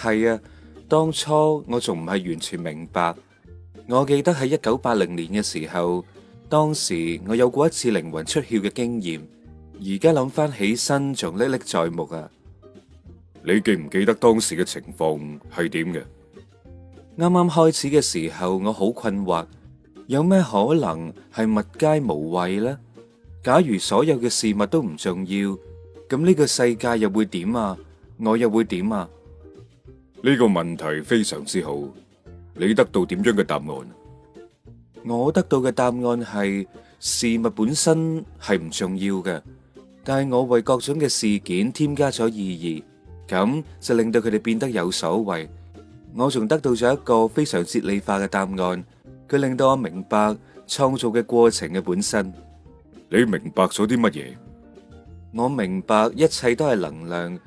係啊，當初我仲唔係完全明白。我記得喺一九八零年嘅時候，當時我有過一次靈魂出竅嘅經驗，而家諗翻起身仲歷歷在目啊。你記唔記得當時嘅情況係點嘅？啱啱開始嘅時候，我好困惑，有咩可能係物皆無謂呢？假如所有嘅事物都唔重要，咁呢個世界又會點啊？我又會點啊？呢個問題非常之好，你得到點樣嘅答案？我得到嘅答案係事物本身係唔重要嘅，但係我為各種嘅事件添加咗意義，咁就令到佢哋變得有所謂。我仲得到咗一個非常哲理化嘅答案，佢令到我明白創造嘅過程嘅本身。你明白咗啲乜嘢？我明白一切都係能量。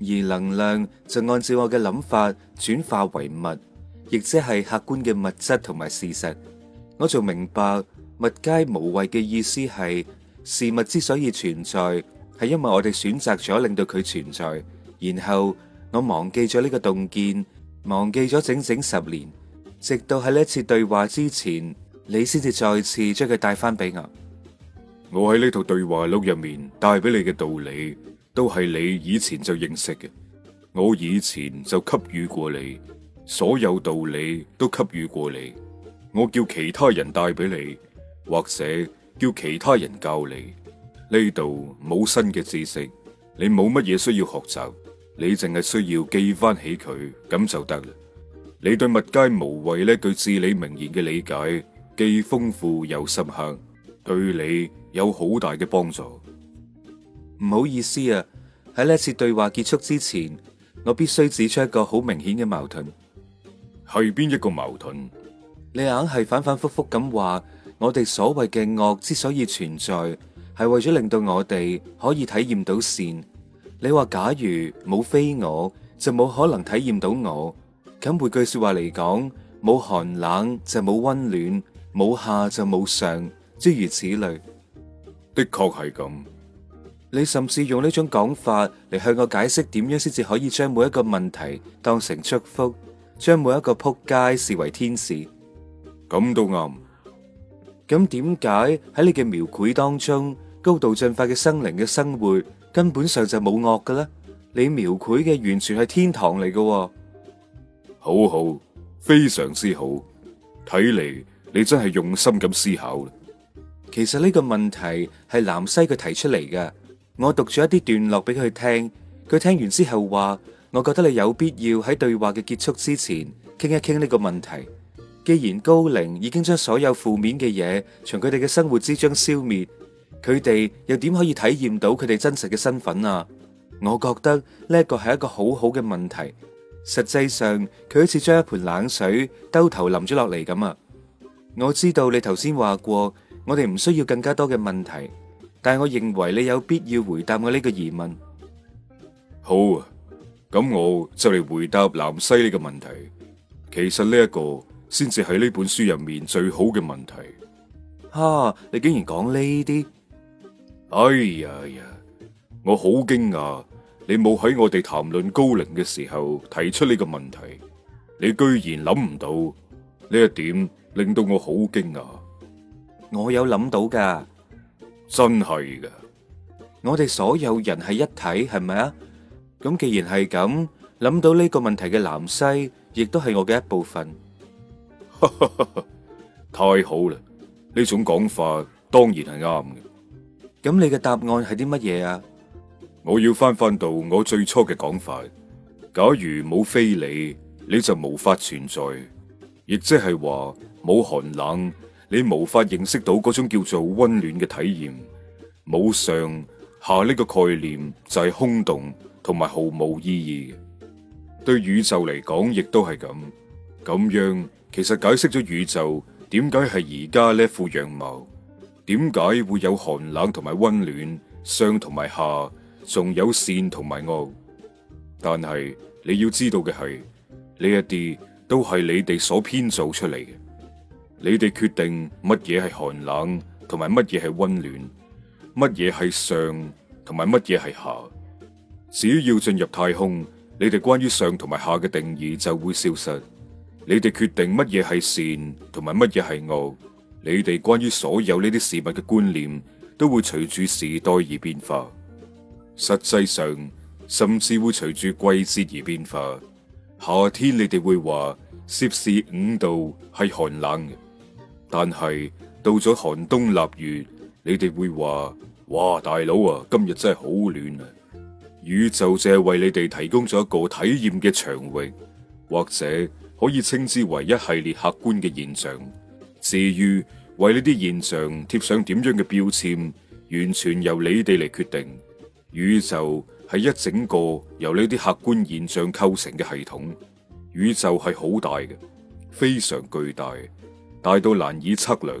而能量就按照我嘅諗法轉化為物，亦即係客觀嘅物質同埋事實。我仲明白物皆無謂嘅意思係事物之所以存在，係因為我哋選擇咗令到佢存在。然後我忘記咗呢個洞見，忘記咗整整十年，直到喺呢一次對話之前，你先至再次將佢帶翻俾我。我喺呢套對話錄入面帶俾你嘅道理，都係你以前就認識嘅，我以前就給予過你，所有道理都給予過你。我叫其他人帶俾你，或者叫其他人教你。呢度冇新嘅知識，你冇乜嘢需要學習，你淨係需要記翻起佢咁就得啦。你對物皆無謂呢句至理名言嘅理解，既豐富又深刻，對你有好大嘅幫助。唔好意思啊，喺呢次對話結束之前，我必須指出一個好明顯嘅矛盾。係邊一個矛盾？你硬係反反复复咁話，我哋所謂嘅惡之所以存在，係為咗令到我哋可以體驗到善。你話假如冇非我，就冇可能體驗到我。咁換句說話嚟講，冇寒冷就冇溫暖，冇下就冇上，諸如此類。的確係咁。你甚至用呢種講法嚟，向我解釋點樣先至可以將每一個問題當成祝福，將每一個撲街視為天使，咁都啱。咁點解喺你嘅描繪當中，高度進化嘅生靈嘅生活根本上就冇惡嘅咧？你描繪嘅完全係天堂嚟嘅喎。好好，非常之好，睇嚟你真係用心咁思考。其實呢個問題係南西佢提出嚟嘅。我讀咗一啲段落俾佢聽，佢聽完之後話：我覺得你有必要喺對話嘅結束之前，傾一傾呢個問題。既然高齡已經將所有負面嘅嘢從佢哋嘅生活之中消滅，佢哋又點可以體驗到佢哋真實嘅身份啊？我覺得呢個係一個好好嘅問題。實際上，佢好似將一盆冷水兜頭淋咗落嚟咁啊！我知道你頭先話過，我哋唔需要更加多嘅問題。但係我認為你有必要回答我呢個疑問。好啊，咁我就嚟回答南西呢個問題。其實呢一個先至係呢本書入面最好嘅問題。哈！你竟然講呢啲？哎呀呀！我好驚訝，你冇喺我哋談論高齡嘅時候提出呢個問題。你居然諗唔到呢一點，令到我好驚訝。我有諗到㗎。真係噶，我哋所有人係一體，係咪啊？咁既然係咁，諗到呢個問題嘅南西，亦都係我嘅一部分。 太好啦！呢種講法當然係啱嘅。咁你嘅答案係啲乜嘢啊我要翻翻到我最初嘅講法。假如冇非你，你就無法存在，亦即係話冇寒冷，你無法認識到嗰種叫做溫暖嘅體驗，冇上下呢個概念就係空洞同埋毫無意義嘅。對宇宙嚟講亦都係咁，咁樣其實解釋咗宇宙點解係而家呢副樣貌，點解會有寒冷同埋溫暖，上同埋下，仲有善同埋惡。但係你要知道嘅係呢一啲都係你哋所編造出嚟嘅。你哋決定乜嘢係寒冷，同埋乜嘢係溫暖，乜嘢係上，同埋乜嘢係下。只要進入太空，你哋關於上同埋下嘅定義就會消失。你哋決定乜嘢係善，同埋乜嘢係惡。你哋關於所有呢啲事物嘅觀念都會隨住時代而變化，實際上甚至會隨住季節而變化。夏天你哋會話攝氏五度係寒冷但係到咗寒冬臘月，你哋會話：哇，大佬啊，今日真係好暖啊！宇宙就係為你哋提供咗一個體驗嘅場域，或者可以稱之為一系列客觀嘅現象。至於為呢啲現象貼上點樣嘅標籤，完全由你哋嚟決定。宇宙係一整個由呢啲客觀現象構成嘅系統。宇宙係好大嘅，非常巨大。大到難以測量，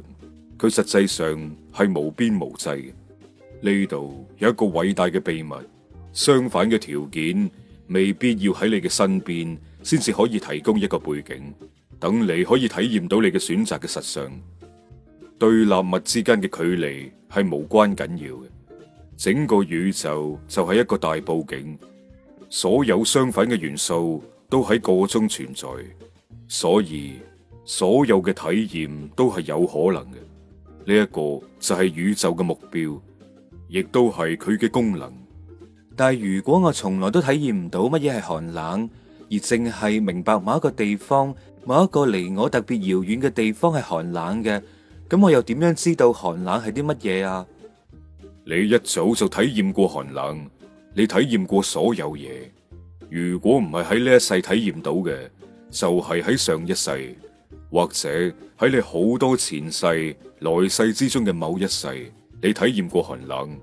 佢實際上係無邊無際。呢度有一個偉大嘅秘密，相反嘅條件未必要喺你嘅身邊，先至可以提供一個背景，等你可以體驗到你嘅選擇嘅實相。對立物之間嘅距離係無關緊要嘅，整個宇宙就係一個大布景，所有相反嘅元素都喺個中存在，所以。所有嘅體驗都係有可能嘅，呢一個就係宇宙嘅目標，亦都係佢嘅功能。但係如果我從來都體驗唔到乜嘢係寒冷，而淨係明白某一個地方、某一個離我特別遙遠嘅地方係寒冷嘅，咁我又點樣知道寒冷係啲乜嘢啊？你一早就體驗過寒冷，你體驗過所有嘢。如果唔係喺呢一世體驗到嘅，就係喺上一世。或者喺你好多前世、來世之中嘅某一世，你體驗過寒冷，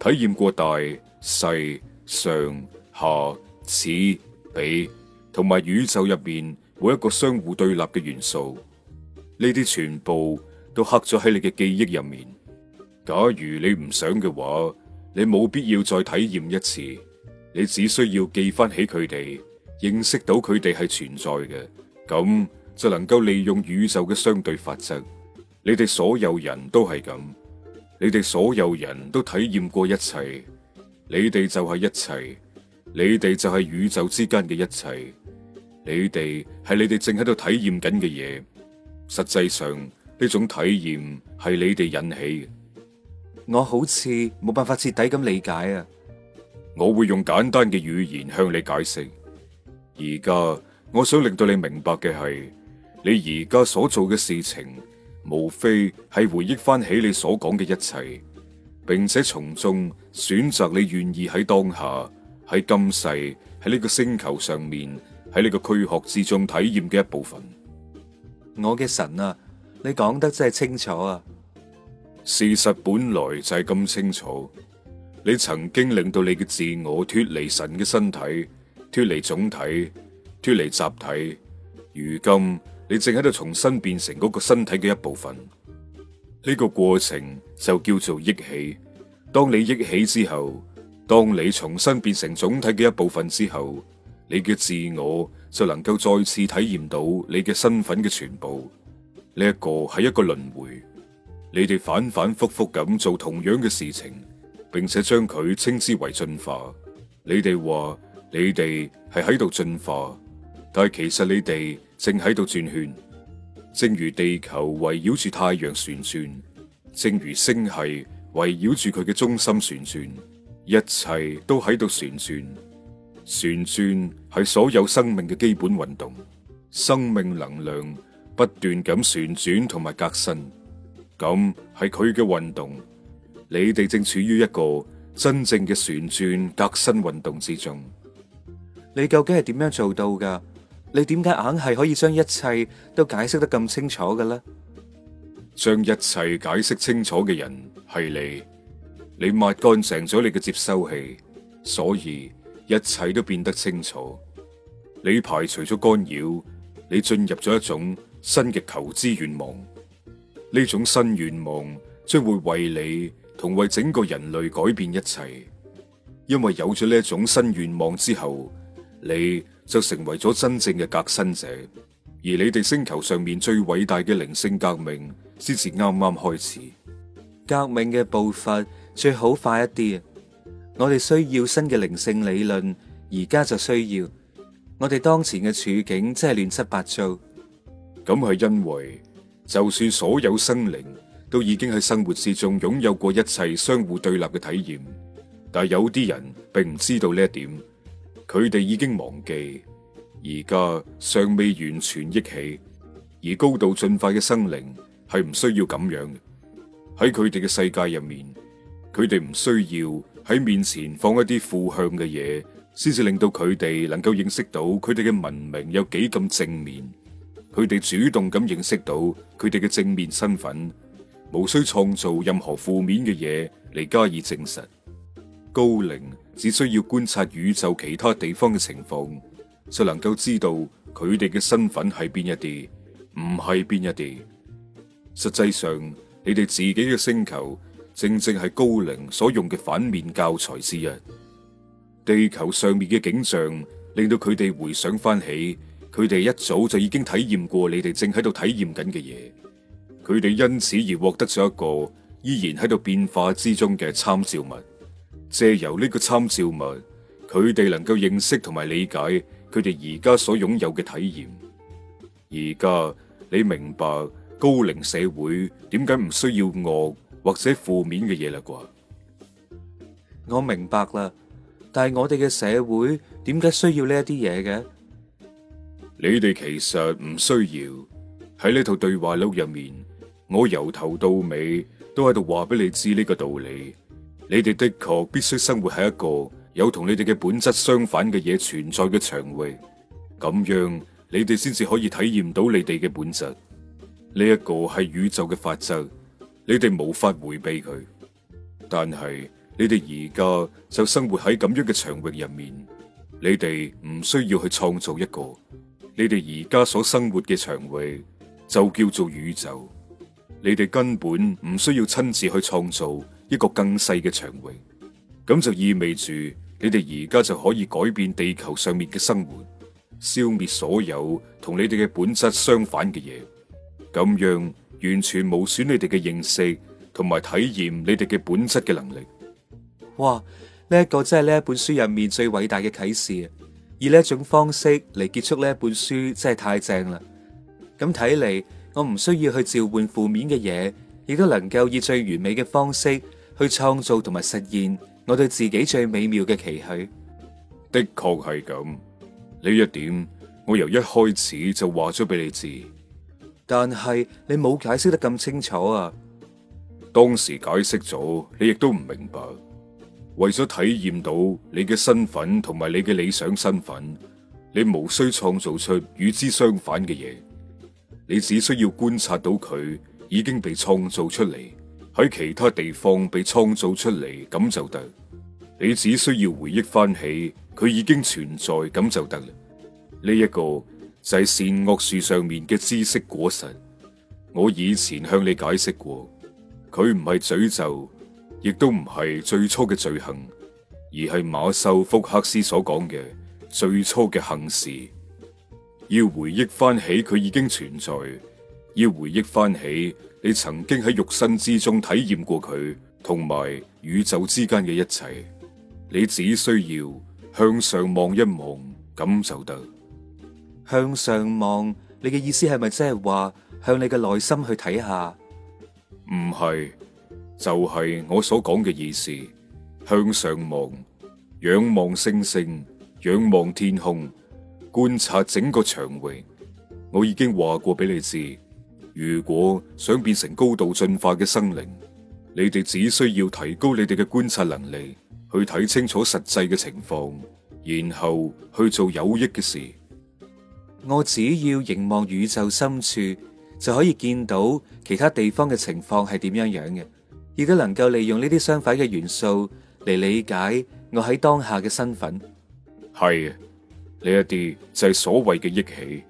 體驗過大、細、上、下、此、彼，同埋宇宙入面每一個相互對立嘅元素，呢啲全部都刻咗喺你嘅記憶入面。假如你唔想嘅話，你冇必要再體驗一次，你只需要記翻起佢哋，認識到佢哋係存在嘅，咁，就能夠利用宇宙嘅相對法則，你哋所有人都係咁，你哋所有人都體驗過一切。你哋就係一切，你哋就係宇宙之間嘅一切。你哋係你哋正喺度體驗緊嘅嘢，實際上呢種體驗係你哋引起嘅。我好似冇辦法徹底咁理解啊！我會用簡單嘅語言向你解釋。而家我想令到你明白嘅係。你而家所做嘅事情，無非係回憶翻起你所講嘅一切，並且從中選擇你願意喺當下喺今世喺呢個星球上面喺呢個軀殼之中體驗嘅一部分。我嘅神啊，你講得真係清楚啊！事實本來就係咁清楚。你曾經令到你嘅自我脫離神嘅身體，脫離總體，脫離集體，如今，你正喺度重新變成嗰個身體嘅一部分，呢、這個過程就叫做憶起。當你憶起之後，當你重新變成總體嘅一部分之後，你嘅自我就能夠再次體驗到你嘅身份嘅全部。呢、這、一個係一個輪迴，你哋反反复复咁做同樣嘅事情，並且將佢稱之為進化。你哋話你哋係喺度進化，但係其實你哋。正喺度轉圈，正如地球圍繞住太陽旋轉，正如星系圍繞住佢嘅中心旋轉，一切都喺度旋轉。旋轉係所有生命嘅基本運動，生命能量不斷咁旋轉同埋革新，咁係佢嘅運動。你哋正處於一個真正嘅旋轉革新運動之中，你究竟係點樣做到噶？你點解硬係可以將一切都解釋得咁清楚嘅咧？將一切解釋清楚嘅人係你，你抹乾淨咗你嘅接收器，所以一切都變得清楚。你排除咗干擾，你進入咗一種新嘅求知願望，呢種新願望將會為你同為整個人類改變一切。因為有咗呢一種新願望之後，你就成為咗真正嘅革新者，而你哋星球上面最偉大嘅靈性革命先至啱啱開始。革命嘅步伐最好快一啲，我哋需要新嘅靈性理論，而家就需要。我哋當前嘅處境真係亂七八糟。咁係因為，就算所有生靈都已經喺生活之中擁有過一切相互對立嘅體驗，但係有啲人並唔知道呢一點。佢哋已經忘記，而家尚未完全憶起。而高度進化嘅生靈係唔需要咁樣，喺佢哋嘅世界入面，佢哋唔需要喺面前放一啲負向嘅嘢，先至令到佢哋能夠認識到佢哋嘅文明有幾咁正面。佢哋主動咁認識到佢哋嘅正面身份，無需創造任何負面嘅嘢嚟，加以證實。高靈，只需要觀察宇宙其他地方嘅情況，就能夠知道佢哋嘅身份係邊一啲，唔係邊一啲。實際上，你哋自己嘅星球正正係高靈所用嘅反面教材之一。地球上面嘅景象，令到佢哋回想返起，佢哋一早就已經體驗過你哋正喺度體驗緊嘅嘢。佢哋因此而獲得咗一個依然喺度變化之中嘅參照物。借由呢個參照物，佢哋能夠認識同埋理解佢哋而家所擁有嘅體驗。而家你明白高齡社會點解唔需要惡或者負面嘅嘢啦啩？我明白啦，但係我哋嘅社會點解需要呢一啲嘢嘅？你哋其實唔需要喺呢套對話錄入面，我由頭到尾都喺度話俾你知呢個道理。你哋的確必須生活喺一個有同你哋嘅本質相反嘅嘢存在嘅場域，咁樣你哋先至可以體驗到你哋嘅本質。呢一個係宇宙嘅法則，你哋無法回避佢。但係你哋而家就生活喺咁樣嘅場域入面，你哋唔需要去創造一個。你哋而家所生活嘅場域就叫做宇宙，你哋根本唔需要親自去創造，一個更細嘅長榮，咁就意味住你哋而家就可以改變地球上面嘅生活，消滅所有同你哋嘅本質相反嘅嘢，咁樣完全無損你哋嘅認識同埋體驗你哋嘅本質嘅能力。哇！呢、這、一個真係呢一本書入面最偉大嘅啟示啊！以呢一種方式嚟結束呢一本書真係太正啦！咁睇嚟，我唔需要去召喚負面嘅嘢，亦都能夠以最完美嘅方式。去創造同埋實現我對自己最美妙嘅期許，的確係咁。呢一點我由一開始就話咗俾你知，但係你冇解釋得咁清楚啊。當時解釋咗，你亦都唔明白。為咗體驗到你嘅身份同埋你嘅理想身份，你無需創造出與之相反嘅嘢，你只需要觀察到佢已經被創造出嚟。喺其他地方被創造出嚟，咁就得，你只需要回憶翻起佢已經存在，咁就得啦。呢一個就係善惡樹上面嘅知識果實。我以前向你解釋過，佢唔係詛咒，亦都唔係最初嘅罪行，而係馬修福克斯所講嘅最初嘅幸事。要回憶翻起佢已經存在。要回憶返起你曾經喺肉身之中體驗過佢同埋宇宙之間嘅一切，你只需要向上望一望咁就得。向上望，你嘅意思係咪即係話向你嘅內心去睇下？唔係，就係、是、我所講嘅意思。向上望，仰望星星，仰望天空，觀察整個場域。我已經話過俾你知。如果想變成高度進化嘅生靈，你哋只需要提高你哋嘅觀察能力，去睇清楚實際嘅情況，然後去做有益嘅事。我只要凝望宇宙深處，就可以見到其他地方嘅情況係點樣樣嘅，亦都能夠利用呢啲相反嘅元素嚟理解我喺當下嘅身份。係，呢一啲就係所謂嘅憶起，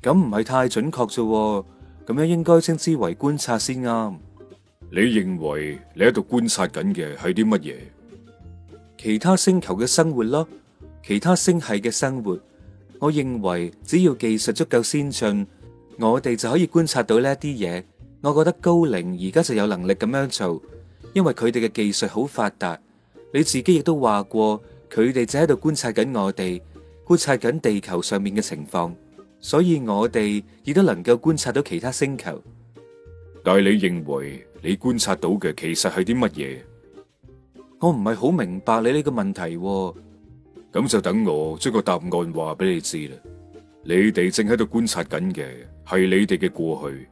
咁唔係太準確啫。咁樣應該稱之為觀察先啱。你認為你喺度觀察緊嘅係啲乜嘢？其他星球嘅生活咯，其他星系嘅生活。我認為只要技術足夠先進，我哋就可以觀察到呢一啲嘢。我覺得高靈而家就有能力咁樣做，因為佢哋嘅技術好發達。你自己亦都話過，佢哋就喺度觀察緊我哋，觀察緊地球上面嘅情況。所以我哋亦都能夠觀察到其他星球。但係，你認為你觀察到嘅其實係啲乜嘢？我唔係好明白你呢個問題喎。咁就等我將個答案話俾你知啦。你哋正喺度觀察緊嘅係你哋嘅過去。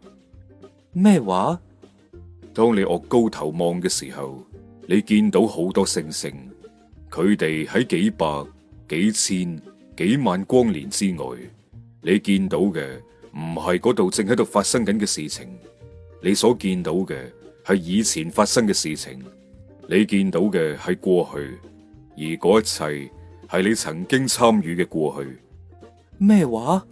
咩話？當你岳高頭望嘅時候，你見到好多星星，佢哋喺幾百、幾千、幾萬光年之外。你見到嘅唔係嗰度正喺度發生緊嘅事情，你所見到嘅係以前發生嘅事情，你見到嘅係過去，而嗰一切係你曾經參與嘅過去。咩話麼？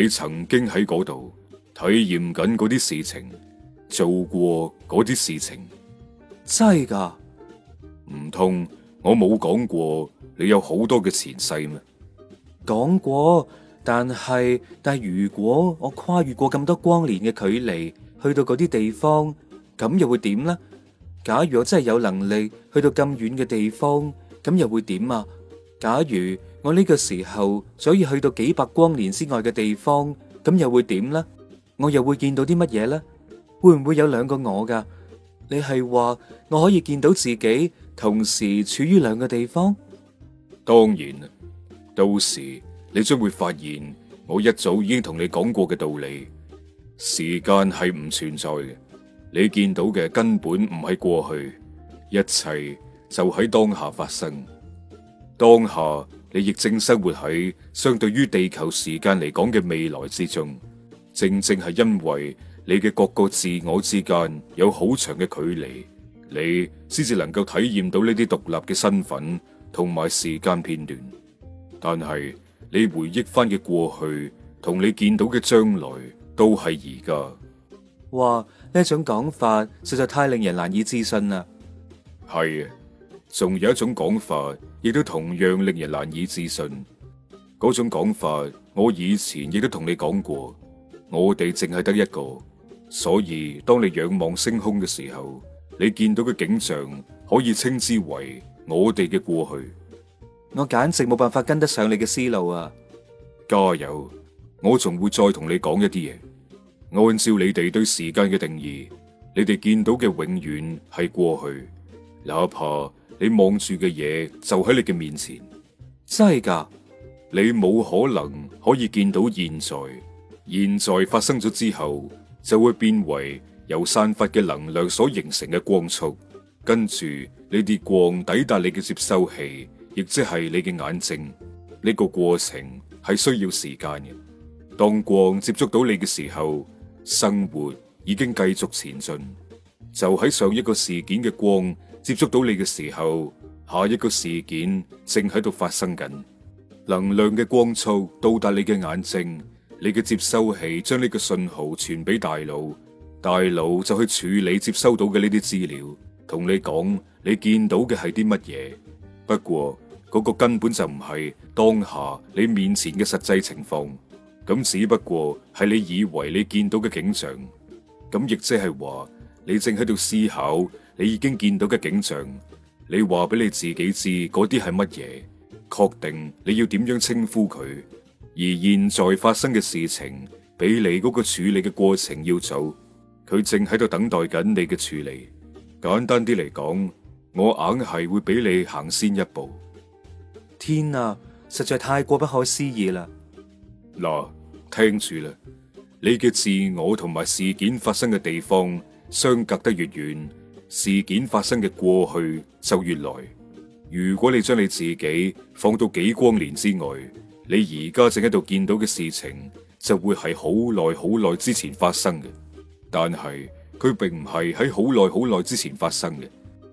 你曾經喺嗰度體驗緊嗰啲事情，做過嗰啲事情，真係噶？唔通我冇講過你有好多嘅前世咩？講過。但係，但係如果我跨越過咁多光年嘅距離，去到嗰啲地方，咁又會點呢？假如我真係有能力去到咁遠嘅地方，咁又會點啊？假如我呢個時候所以去到幾百光年之外嘅地方，咁又會點呢？我又會見到啲乜嘢呢？會唔會有兩個我噶？你係話我可以見到自己同時處於兩個地方？當然，到時。你將會發現，我一早已經同你講過嘅道理：時間係唔存在嘅。你見到嘅根本唔係過去，一切就喺當下發生。當下，你亦正生活喺相對於地球時間嚟講嘅未來之中。正正係因為你嘅各個自我之間有好長嘅距離，你先至能夠體驗到呢啲獨立嘅身份同埋時間片段。但係，你回憶翻嘅過去同你見到嘅將來都係而家。嘩，呢種講法，實在太令人難以置信啦。係，仲有一種講法，亦都同樣令人難以置信。嗰種講法，我以前亦都同你講過，我哋淨係得一個，所以當你仰望星空嘅時候，你見到嘅景象可以稱之為我哋嘅過去。我簡直冇辦法跟得上你嘅思路啊！加油，我仲會再同你講一啲嘢。按照你哋對時間嘅定義，你哋見到嘅永遠係過去，哪怕你望住嘅嘢就喺你嘅面前。真係噶，你冇可能可以見到現在。現在發生咗之後，就會變為由散發嘅能量所形成嘅光束，跟住你啲光抵達你嘅接收器。亦即係你嘅眼睛。呢、呢個過程係需要時間嘅。當光接觸到你嘅時候，生活已經繼續前進。就喺上一個事件嘅光接觸到你嘅時候，下一個事件正喺度發生緊。能量嘅光束到達你嘅眼睛，你嘅接收器將呢個信號傳俾大腦，大腦就去處理接收到嘅呢啲資料，同你講你見到嘅係啲乜嘢。不過，嗰個根本就唔係當下你面前嘅實際情況，咁只不過係你以為你見到嘅景象。咁亦即係話，你正喺度思考你已經見到嘅景象，你話俾你自己知嗰啲係乜嘢，確定你要點樣稱呼佢。而現在發生嘅事情比你嗰個處理嘅過程要早，佢正喺度等待緊你嘅處理。簡單啲嚟講，我硬係會俾你行先一步。天啊，實在太過不可思議啦！嗱，聽住啦，你嘅自我同埋事件發生嘅地方相隔得越遠，事件發生嘅過去就越耐。如果你將你自己放到幾光年之外，你而家正喺度見到嘅事情，就會係好耐好耐之前發生嘅。但係佢並唔係喺好耐好耐之前發生嘅，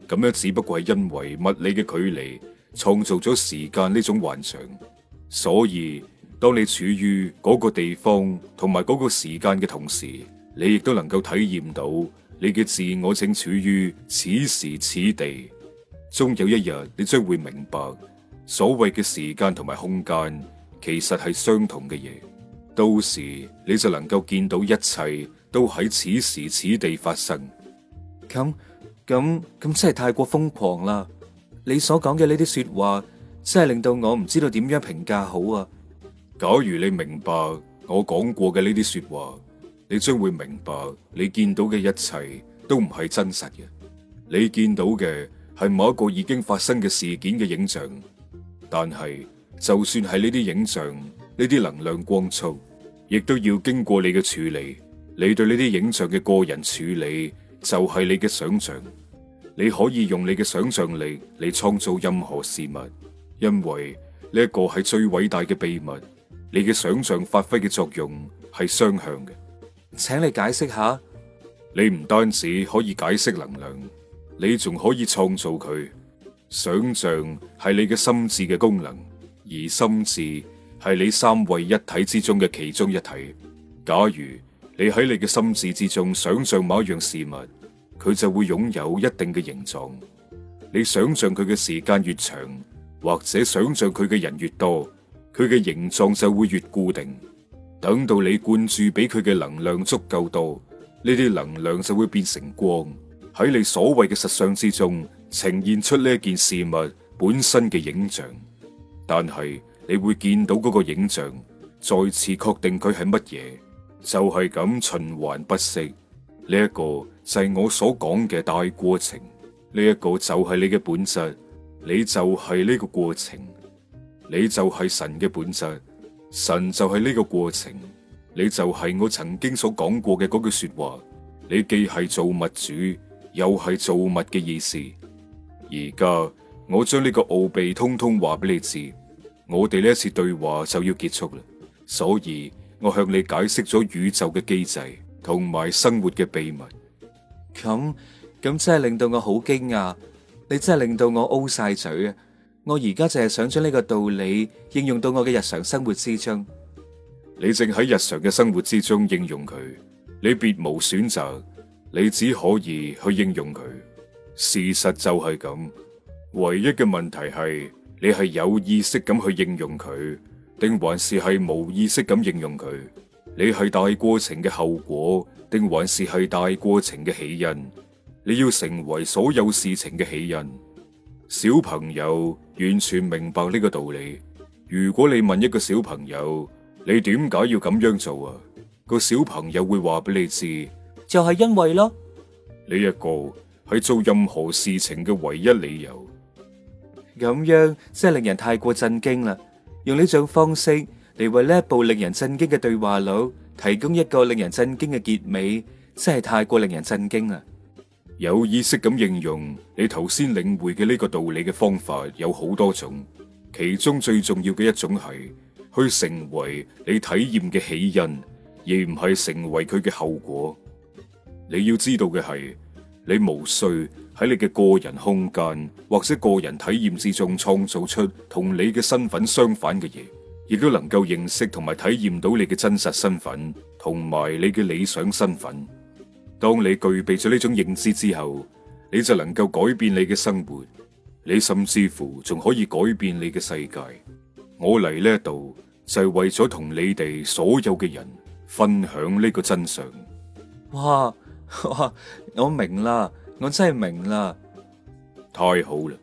咁樣只不過係因為物理嘅距離。創造咗時間呢種幻象。所以，當你處於嗰個地方同埋嗰個時間嘅同時，你亦都能夠體驗到你嘅自我正處於此時此地。終有一日，你將會明白，所謂嘅時間同埋空間其實係相同嘅嘢。到時你就能夠見到一切都喺此時此地發生。咁咁咁真係太過瘋狂啦！你所講嘅呢啲說話，真係令到我唔知道點樣評價好啊！假如你明白我講過嘅呢啲說話，你將會明白你見到嘅一切都唔係真實嘅。你見到嘅係某一個已經發生嘅事件嘅影像，但係就算係呢啲影像，呢啲能量光速，亦都要經過你嘅處理。你對呢啲影像嘅個人處理，就係你嘅想象。你可以用你嘅想象力嚟創造任何事物，因為呢個係最偉大嘅秘密。你嘅想象發揮嘅作用係雙向嘅。請你解釋下。你唔單止可以解釋能量，你仲可以創造佢。想象係你嘅心智嘅功能，而心智係你三位一體之中嘅其中一體。假如你喺你嘅心智之中想象某一樣事物，佢就會擁有一定嘅形狀。你想象佢嘅時間越長，或者想象佢嘅人越多，佢嘅形狀就會越固定。等到你灌注俾佢嘅能量足夠多，呢啲能量就會變成光，喺你所謂嘅實相之中呈現出呢件事物本身嘅影像。但係你會見到嗰個影像再次確定佢係乜嘢，就係咁循環不息呢一個。就係我所講嘅大過程呢一個，就係你嘅本質，你就係呢個過程，你就係神嘅本質，神就係呢個過程，你就係我曾經所講過嘅嗰句說話。你既係造物主，又係造物嘅意思。而家我將呢個奧秘通通話俾你知，我哋呢一次對話就要結束啦。所以我向你解釋咗宇宙嘅機制同埋生活嘅秘密。咁咁真係令到我好驚訝，你真係令到我 O 晒嘴啊！我而家淨係想將呢個道理應用到我嘅日常生活之中。你正喺日常嘅生活之中應用佢，你別無選擇，你只可以去應用佢。事實就係咁，唯一嘅問題係你係有意識咁去應用佢，定還是係無意識咁應用佢？你係大過程嘅後果，定還是係大過程嘅起因？你要成為所有事情嘅起因。小朋友完全明白呢個道理。如果你問一個小朋友，你點解要咁樣做啊？個小朋友會話俾你知，就係因為咯。呢一個係做任何事情嘅唯一理由。咁樣真係令人太過震驚啦！用呢種方式。你為呢一部令人震驚嘅對話錄提供一個令人震驚嘅結尾，真係太過令人震驚啦！有意識咁應用你頭先領會嘅呢個道理嘅方法有好多種，其中最重要嘅一種係去成為你體驗嘅起因，而唔係成為佢嘅後果。你要知道嘅係，你無需喺你嘅個人空間或者個人體驗之中創造出同你嘅身份相反嘅嘢。亦都能夠認識同埋體驗到你嘅真實身份，同埋你嘅理想身份。當你具備咗呢種認知之後，你就能夠改變你嘅生活，你甚至乎仲可以改變你嘅世界。我嚟呢一度就係為咗同你哋所有嘅人分享呢個真相哇。哇！我明啦，我真係明啦，太好啦！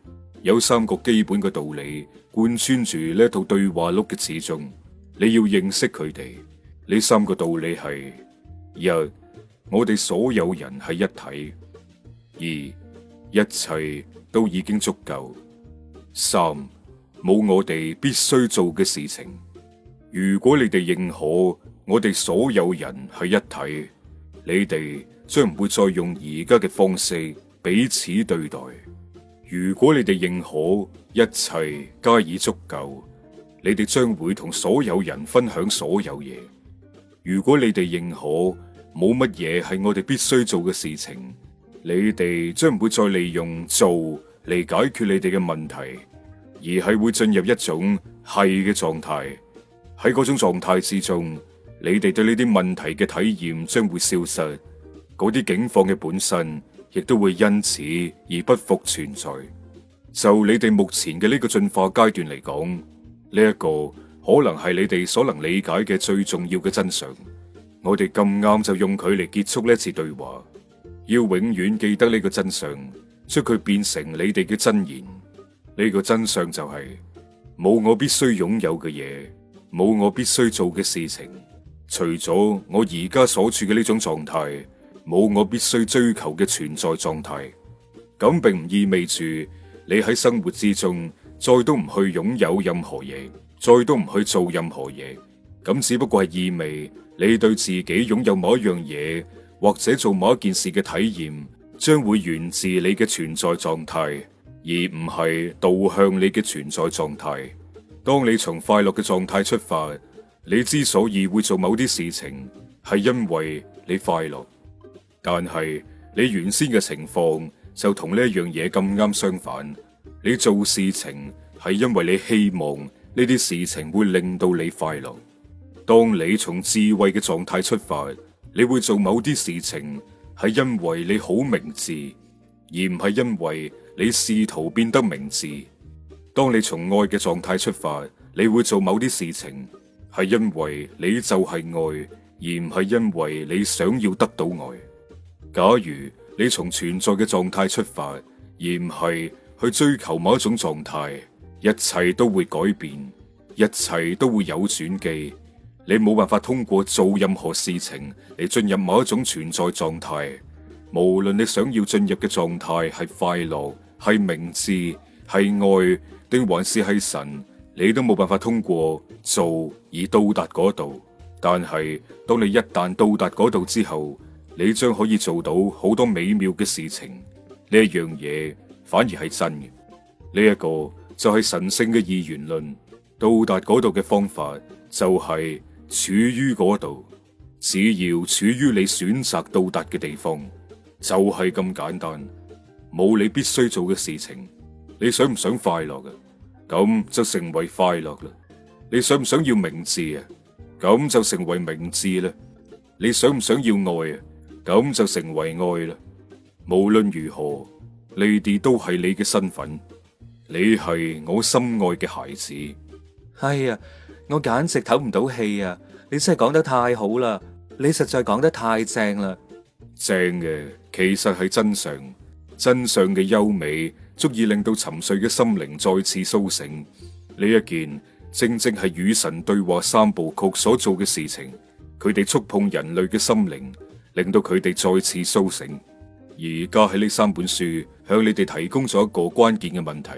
有三個基本嘅道理。貫穿住呢套對話錄嘅始終，你要認識佢哋。呢三個道理係：一、我哋所有人係一體；二、一切都已經足夠；三、冇我哋必須做嘅事情。如果你哋認可我哋所有人係一體，你哋將唔會再用而家嘅方式彼此對待。如果你哋認可一切皆已足夠，你哋將會同所有人分享所有嘢。如果你哋認可冇乜嘢係我哋必須做嘅事情，你哋將唔會再利用做嚟，解決你哋嘅問題，而係會進入一種係嘅狀態。喺嗰種狀態之中，你哋對呢啲問題嘅體驗將會消失，嗰啲境況，嘅本身亦都會因此而不復存在。就你哋目前嘅呢個進化階段嚟講，呢、這、一個可能係你哋所能理解嘅最重要嘅真相。我哋咁啱就用佢嚟結束呢次對話。要永遠記得呢個真相，將佢變成你哋嘅真言。呢、這個真相就係、是、冇我必須擁有嘅嘢，冇我必須做嘅事情，除咗我而家所處嘅呢種狀態。冇我必須追求嘅存在狀態，咁並唔意味住你喺生活之中再都唔去擁有任何嘢，再都唔去做任何嘢。咁只不過係意味你對自己擁有某一樣嘢或者做某一件事嘅體驗，將會源自你嘅存在狀態，而唔係導向你嘅存在狀態。當你從快樂嘅狀態出發，你之所以會做某啲事情，係因為你快樂。但係你原先嘅情況就同呢樣嘢咁啱相反。你做事情係因為你希望呢啲事情會令到你快樂。當你從智慧嘅狀態出發，你會做某啲事情係因為你好明智，而唔係因為你試圖變得明智。當你從愛嘅狀態出發，你會做某啲事情係因為你就係愛，而唔係因為你想要得到愛。假如你從存在嘅狀態出發，而唔係去追求某一種狀態，一切都會改變，一切都會有轉機。你冇辦法通過做任何事情嚟進入某一種存在狀態。無論你想要進入嘅狀態係快樂、係明智、係愛，定還是係神，你都冇辦法通過做而到達嗰度。但係當你一旦到達嗰度之後，你將可以做到好多美妙嘅事情，呢一樣嘢反而係真嘅。呢、這、一個就係神聖嘅二元論。到達嗰度嘅方法就係處於嗰度，只要處於你選擇到達嘅地方，就係、是、咁簡單。冇你必須做嘅事情，你想唔想快樂啊？咁就成為快樂啦。你想唔想要明智啊？咁就成為明智啦。你想唔想要愛啊？咁就成為愛啦。無論如何，你哋都係你嘅身份，你係我心愛嘅孩子。哎呀，我簡直唞唔到氣啊！你真係講得太好啦，你實在講得太正啦。正嘅其實係真相，真相嘅優美足以令到沉睡嘅心靈再次蘇醒。呢一件正正係與神對話三部曲所做嘅事情，佢哋觸碰人類嘅心靈。令到佢哋再次蘇醒。而家喺呢三本書向你哋提供咗一個關鍵嘅問題，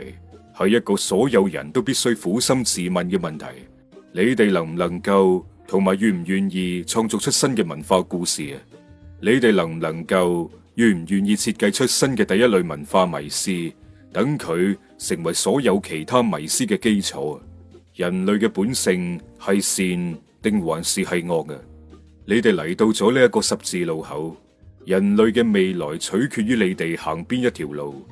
係一個所有人都必須苦心自問嘅問題：你哋能唔能夠同埋願唔願意創造出新嘅文化故事啊？你哋能唔能夠願唔願意設計出新嘅第一類文化迷思，等佢成為所有其他迷思嘅基礎？人類嘅本性係善定還是係惡啊？你哋嚟到咗呢一個十字路口，人類嘅未來取決於你哋行邊一條路。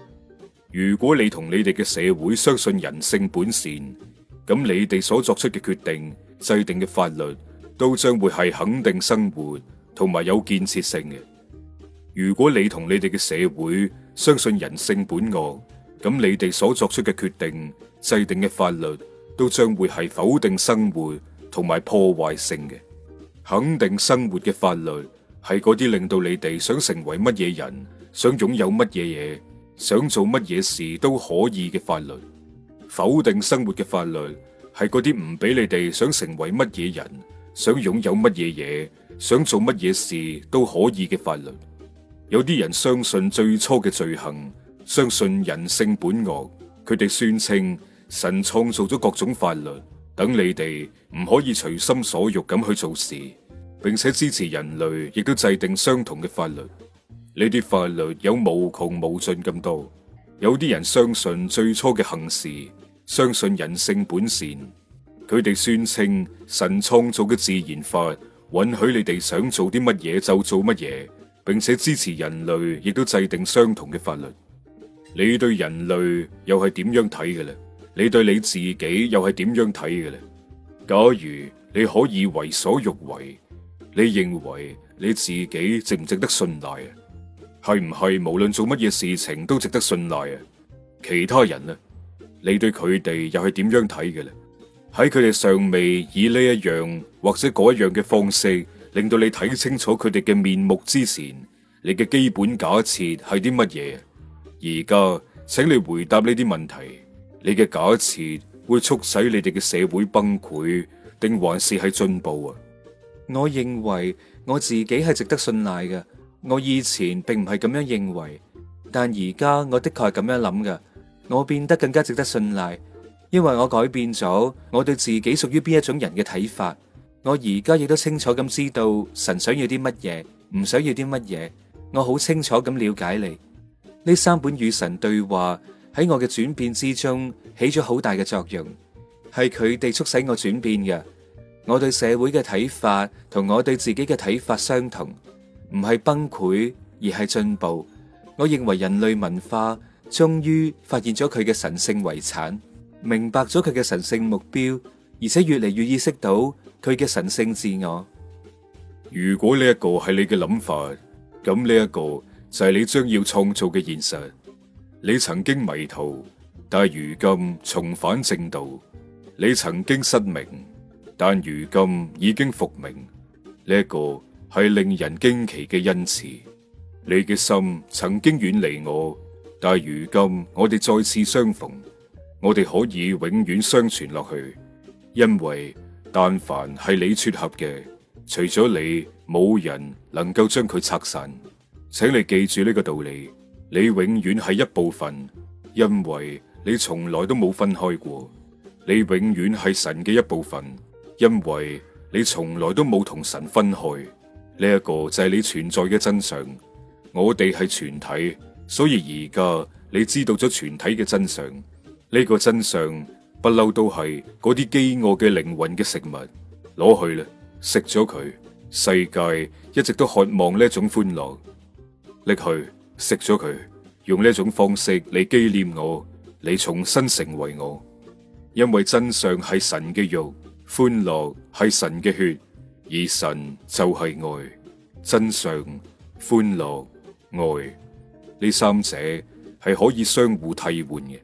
如果你同你哋嘅社會相信人性本善，咁你哋所作出嘅決定、制定嘅法律，都將會係肯定生活同埋有建設性嘅。如果你同你哋嘅社會相信人性本惡，咁你哋所作出嘅決定、制定嘅法律，都將會係否定生活同埋破壞性嘅。肯定生活嘅法律係嗰啲令到你哋想成為乜嘢人、想擁有乜嘢嘢、想做乜嘢事都可以嘅法律；否定生活嘅法律係嗰啲唔俾你哋想成為乜嘢人、想擁有乜嘢嘢、想做乜嘢事都可以嘅法律。有啲人相信最初嘅罪行，相信人性本惡，佢哋宣稱神創造咗各種法律。等你哋唔可以隨心所欲咁去做事，並且支持人類亦都制定相同嘅法律。呢啲法律有無窮無盡咁多。有啲人相信最初嘅行事，相信人性本善。佢哋宣稱神創造嘅自然法允許你哋想做啲乜嘢就做乜嘢，並且支持人類亦都制定相同嘅法律。你對人類又係點樣睇嘅呢？你對你自己又係點樣睇嘅咧？假如你可以為所欲為，你認為你自己值唔值得信賴啊？係唔係無論做乜嘢事情都值得信賴啊？其他人呢？你對佢哋又係點樣睇嘅咧？喺佢哋尚未以呢一樣或者嗰一樣嘅方式令到你睇清楚佢哋嘅面目之前，你嘅基本假設係啲乜嘢？而家，請你回答呢啲問題。你嘅假設會促使你哋嘅社會崩潰，定還是係進步啊？我認為我自己係值得信賴嘅。我以前並唔係咁樣認為，但而家我的確係咁樣諗嘅。我變得更加值得信賴，因為我改變咗我對自己屬於邊一種人嘅睇法。我而家亦都清楚咁知道神想要啲乜嘢，唔想要啲乜嘢。我好清楚咁了解你。呢三本與神對話，喺我嘅轉變之中，起咗好大嘅作用，係佢哋促使我轉變嘅。我對社會嘅睇法同我對自己嘅睇法相同，唔係崩潰，而係進步。我認為人類文化終於發現咗佢嘅神性遺產，明白咗佢嘅神性目標，而且越嚟越意識到佢嘅神性自我。如果呢一個係你嘅諗法，咁呢一個就係你將要創造嘅現實。你曾經迷途，但如今重返正道；你曾經失明，但如今已經復明。呢、這、一個係令人驚奇嘅恩慈。你嘅心曾經遠離我，但如今我哋再次相逢，我哋可以永遠相存落去。因為但凡係你撮合嘅，除咗你，冇人能夠將佢拆散。請你記住呢個道理。你永遠係一部分，因為你從來都冇分開過。你永遠係神嘅一部分，因為你從來都冇同神分開。呢一個就係你存在嘅真相。我哋係全體，所以而家你知道咗全體嘅真相。呢個真相不嬲都係嗰啲飢餓嘅靈魂嘅食物，攞去啦，食咗佢。世界一直都渴望呢一種歡樂，拎去。食咗佢，用呢一種方式嚟紀念我，你重新成為我。因為真相係神嘅肉，歡樂係神嘅血，而神就係愛。真相、歡樂、愛呢三者係可以相互替換嘅，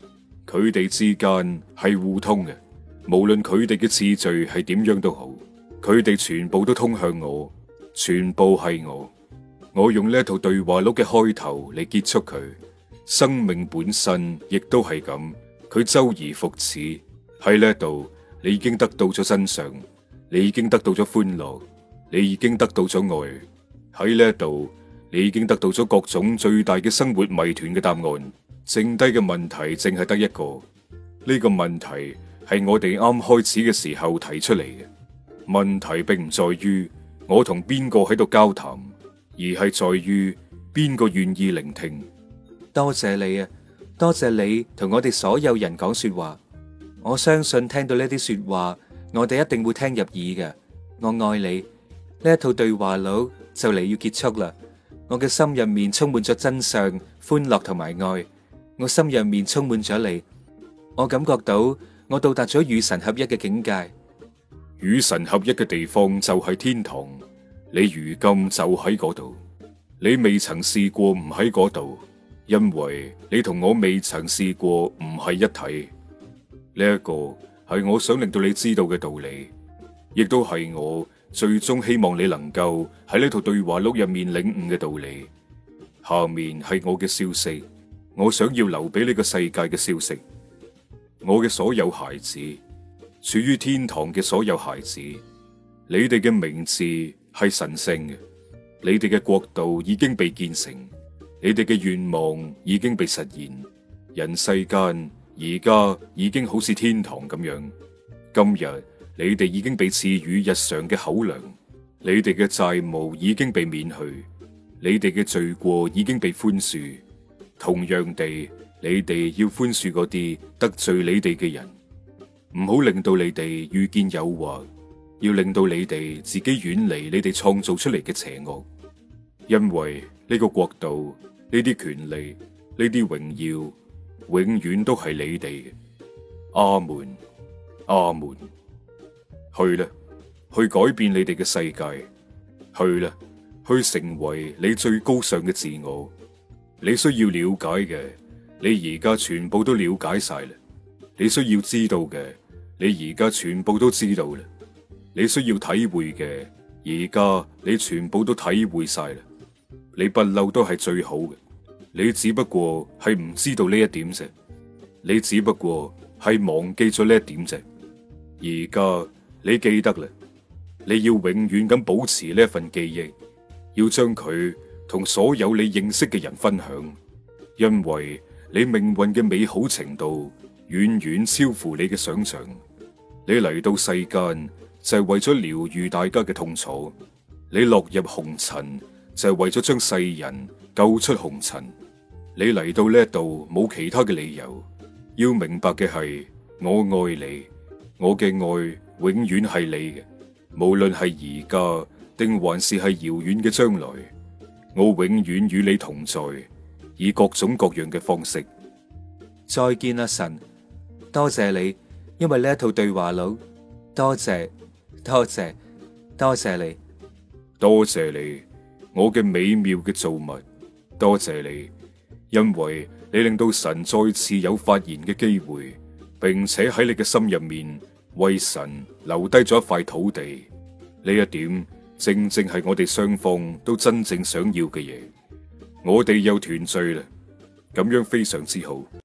佢哋之間係互通嘅。無論佢哋嘅次序係點樣都好，佢哋全部都通向我，全部係我。我用呢套對話錄嘅開頭嚟結束佢。生命本身亦都係咁，佢周而復始。喺呢一度，你已經得到咗真相，你已經得到咗歡樂，你已經得到咗愛。喺呢一度，你已經得到咗各種最大嘅生活謎團嘅答案。剩低嘅問題，淨係得一個。呢個問題係我哋啱開始嘅時候提出嚟嘅。問題並唔在於我同邊個喺度交談。而係在於邊個願意聆聽。多謝你啊，多謝你同我哋所有人講說話。我相信聽到呢啲說話，我哋一定會聽入耳嘅。我愛你。呢一套對話錄就嚟要結束啦。我嘅心入面充滿咗真相、歡樂同埋愛。我心入面充滿咗你。我感覺到我到達咗與神合一嘅境界。與神合一嘅地方就係天堂。你如今就喺嗰度，你未曾試過唔喺嗰度，因為你同我未曾試過唔係一體。呢一個係我想令到你知道嘅道理，亦都係我最終希望你能夠喺呢套對話錄入面領悟嘅道理。下面係我嘅消息，我想要留俾呢個世界嘅消息。我嘅所有孩子，處於天堂嘅所有孩子，你哋嘅名字係神聖嘅，你哋嘅國度已經被建成，你哋嘅願望已經被實現，人世間而家已經好似天堂咁樣。今日你哋已經被賜予日常嘅口糧，你哋嘅債務已經被免去，你哋嘅罪過已經被寬恕。同樣地，你哋要寬恕嗰啲得罪你哋嘅人，唔好令到你哋遇見誘惑。要令到你哋自己遠離你哋創造出嚟嘅邪惡，因為呢個國度、呢啲權利、呢啲榮耀，永遠都係你哋嘅。阿門，阿門。去啦，去改變你哋嘅世界。去啦，去成為你最高尚嘅自我。你需要了解嘅，你而家全部都了解晒啦。你需要知道嘅，你而家全部都知道啦。你需要體會嘅，而家你全部都體會晒啦。你不嬲都係最好嘅，你只不過係唔知道呢一點啫。你只不過係忘記咗呢一點啫。而家你記得啦，你要永遠咁保持呢一份記憶，要將佢同所有你認識嘅人分享，因為你命運嘅美好程度遠遠超乎你嘅想象。你嚟到世間。就係為咗療愈大家嘅痛楚，你落入紅塵就係、是、為咗將世人救出紅塵。你嚟到呢一度冇其他嘅理由，要明白嘅係我愛你，我嘅愛永遠係你嘅，無論係而家定還是係遙遠嘅將來，我永遠與你同在，以各種各樣嘅方式。再見啦、啊，神，多謝你，因為呢一套對話錄，多謝。多謝，多謝你，多謝你，我嘅美妙嘅造物，多謝你，因為你令到神再次有發言嘅機會，並且喺你嘅心入面為神留低咗一塊土地，呢一點正正係我哋雙方都真正想要嘅嘢，我哋又團聚啦，咁樣非常之好。